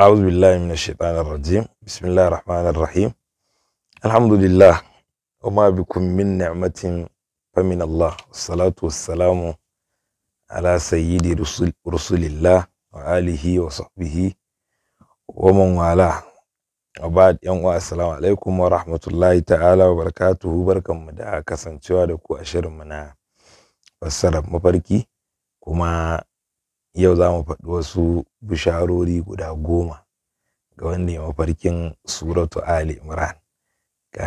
أعوذ بالله من الشيطان الرجيم بسم الله الرحمن الرحيم الحمد لله وما بكم من نعمة فمن الله والصلاة والسلام على سيد رسول, رسول الله وآله وصحبه ومن والاه وبعد يوم السلام عليكم ورحمة الله تعالى وبركاته بركة مدعا كسان شوارك وأشر منا فسر مباركي كما yau za mu faɗi wasu bisharori guda goma ga wanda ya mafarkin suratu ali imran ka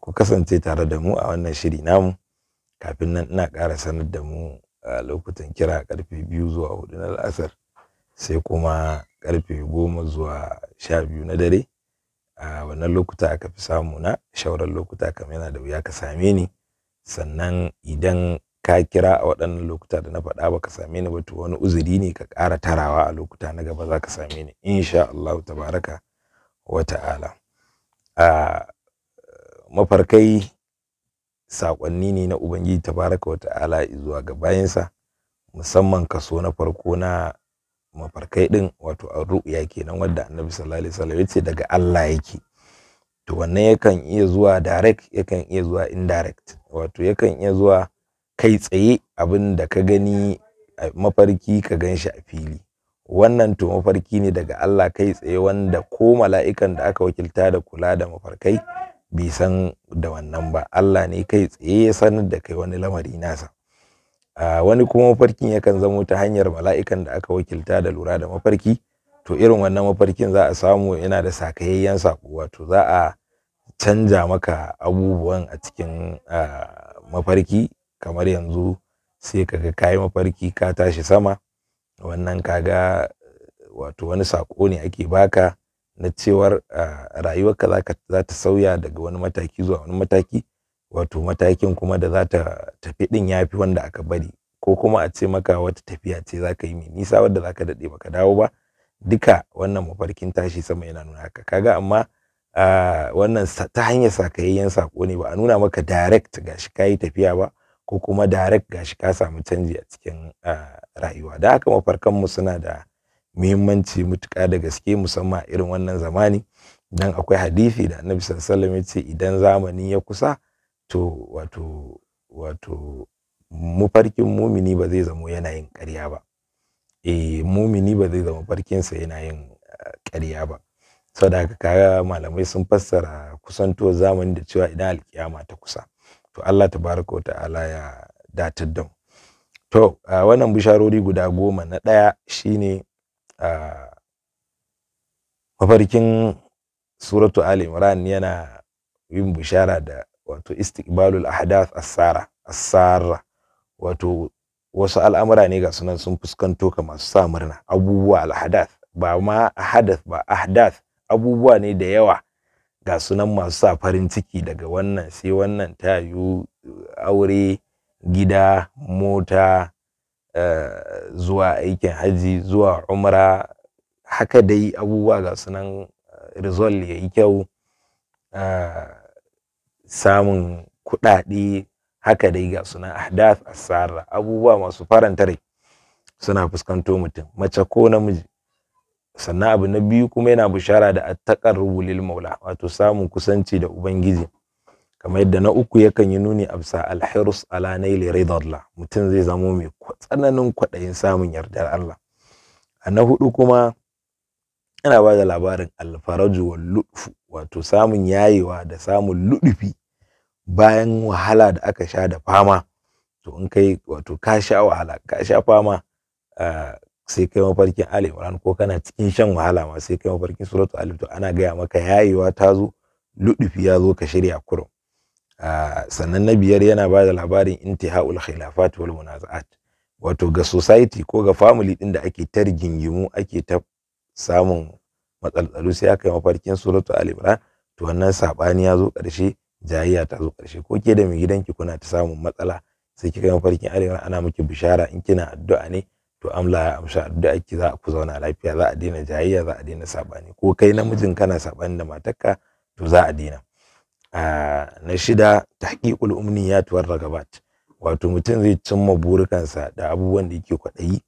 ku kasance tare da mu a wannan shiri namu kafin nan ina ƙara sanar da mu a lokutan kira karfe biyu zuwa hudu na la'asar sai kuma karfe goma zuwa sha biyu na dare a wannan lokuta aka fi samu na shauran lokuta kamar yana da wuya ka same ni sannan idan ka kira a waɗannan lokuta da na faɗa baka same ni ba to wani uzuri ne ka ƙara tarawa a lokuta na gaba za ka same ni insha Allah tabaraka wa ta'ala a mafarkai saƙonni ne na ubangiji tabaraka wa ta'ala zuwa ga bayansa musamman kaso na farko na mafarkai din wato ru'ya kenan wadda annabi sallallahu alaihi wasallam yace daga Allah yake to wannan yakan iya zuwa direct yakan iya zuwa indirect wato yakan iya zuwa kai tsaye abin da ka gani mafarki ka gan shi a fili wannan to mafarki ne daga Allah kai tsaye wanda ko mala'ikan da aka wakilta da kula da mafarkai bai san da wannan ba Allah ne kai tsaye ya sanar da kai wani lamari nasa a wani kuma mafarkin yakan zamo ta hanyar mala'ikan da aka wakilta da lura da mafarki to irin wannan mafarkin za a samu yana da sakayayyen sako wato za a canja maka abubuwan a cikin mafarki kamar yanzu sai ka ga kayi mafarki ka tashi sama wannan kaga wato wani sako ne ake baka na cewar rayuwarka za ta sauya daga wani mataki zuwa wani mataki wato matakin kuma da za ta tafi din ya fi wanda aka bari ko kuma a ce maka wata tafiya ce za ka yi mai nisa wadda za ka daɗe baka dawo ba duka wannan mafarkin tashi sama yana nuna haka kaga amma wannan ta hanyar sakayayyen sako ne ba a nuna maka direct gashi kayi tafiya ba ko kuma direct gashi ka samu canji a cikin rayuwa da haka mafarkan mu suna da muhimmanci mutuka da gaske musamman irin wannan zamani dan akwai hadisi da annabi sallallahu alaihi wasallam yace idan zamani ya kusa to wato wato mafarkin mumini ba zai zamo yana yin ƙarya ba eh mumini ba zai zama farkinsa yana yin ƙarya ba saboda haka kaga malamai sun fassara kusantuwar zamani da cewa idan alkiyama ta kusa to Allah tabaraka wa ta'ala ya datar da mu to uh, wannan bisharori guda goma na ɗaya shine uh, mafarkin suratu ali imran yana yin bishara da wato istiqbalul ahdath asara asara wato wasu al'amura ne ga sunan sun fuskanto ka masu sa murna abubuwa al-hadath ba ma hadath ba ahdath abubuwa ne da yawa ga sunan masu sa farin ciki daga wannan sai wannan ta yiwu eh, aure gida mota uh, zuwa aikin haji zuwa umra haka dai abubuwa ga sunan eh, rizol ya yi kyau uh, samun kuɗaɗe haka dai ga sunan ahdath asara abubuwa masu faranta rai suna fuskanto mutum mace ko namiji sannan abu na biyu kuma yana bishara da attaqarrubu lil maula wato samun kusanci da ubangiji kamar yadda na uku yakan yi nuni absa alhirs ala nail ridallah mutum zai zamo mai tsananin kwaɗayin samun yardar Allah a na hudu kuma ana ba da labarin alfaraju wal ludfu wato samun yayewa da samun ludufi bayan wahala da aka sha da fama to in kai wato ka sha wahala ka sha fama ah, sai kai mafarkin alif ran ko kana cikin shan wahala ma sai kai mafarkin suratu alif to ana gaya maka yayewa ta zo ludufi ya zo ka shirya kurum ah, sannan na biyar yana ba da labarin intihaul khilafat wal munaza'at wato ga society ko ga family din da ake ta ake ta samun matsaltsalu sai aka yi mafarkin suratu alif ran to wannan sabani ya zo karshe jayayya ta zo karshe ko ke da mai gidanki kuna ta samun matsala sai kika mafarkin alif ana miki bishara in kina addu'a ne to amla ya amsa addu'a ake za ku zauna lafiya za a daina jayayya za a daina sabani ko kai namijin kana sabani da matarka to za a daina ah, na shida tahqiqul umniyat war ragabat wato mutum zai cimma burikansa da abubuwan da yake kwaɗayi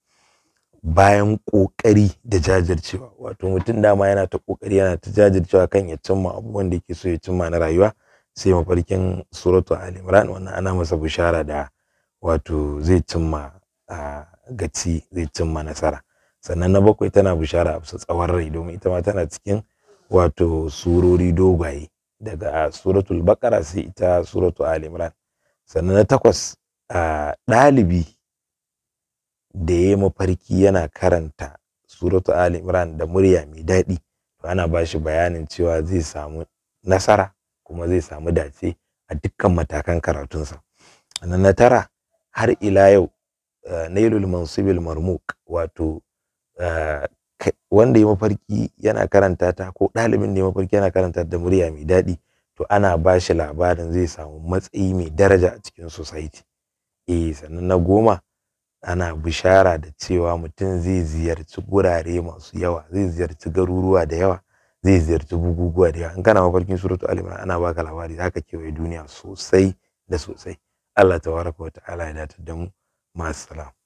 bayan ƙoƙari da jajircewa wato mutum dama yana ta kokari yana ta jajircewa kan ya cimma abubuwan da yake so ya cimma na rayuwa sai mafarkin suratu al imran wannan ana masa bishara da wato zai cimma ah, Gaci ci zai cimma nasara sannan na bakwai tana bishara a tsawon rai domin ita ma tana cikin wato surori dogaye daga suratul bakara sai ita suratu ali imran sannan na takwas ɗalibi da ya yi mafarki yana karanta suratu ali imran da murya mai daɗi to ana ba shi bayanin cewa zai samu nasara kuma zai samu dace a dukkan matakan karatunsa sannan na tara har ila yau Eh, nailul mansibil marmuk wato eh, wanda ya mafarki yana karanta ta ko ɗalibin da ya mafarki yana karanta da murya mai daɗi to ana ba shi labarin zai samu matsayi mai daraja a cikin society eh sannan na goma ana bishara da cewa mutum zai ziyarci gurare masu yawa zai ziyarci garuruwa da yawa zai ziyarci buguguwa da yawa in kana mafarkin suratu al-imran ana baka labari zaka kewaye duniya sosai da sosai Allah tabaraka wa ta'ala ya datar da mu مع السلامه